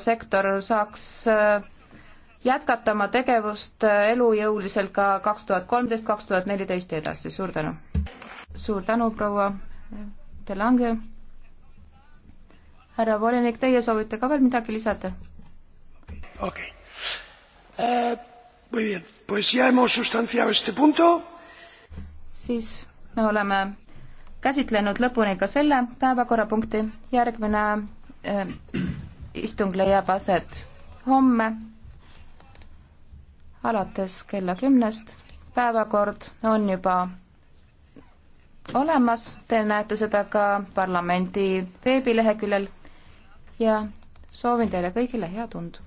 sektor saaks äh, jätkata oma tegevust äh, elujõuliselt ka kaks tuhat kolmteist, kaks tuhat neliteist ja edasi, suur tänu. suur tänu, proua Delange. härra volinik, teie soovite ka veel midagi lisada? okei okay. uh,. Eh, muy bien, pues ya hemos sustanciado este punto. siis me oleme käsitlenud lõpuni ka selle päevakorrapunkti, järgmine uh, istung leiab aset homme alates kella kümnest. päevakord on juba olemas, te näete seda ka parlamendi veebileheküljel ja soovin teile kõigile head und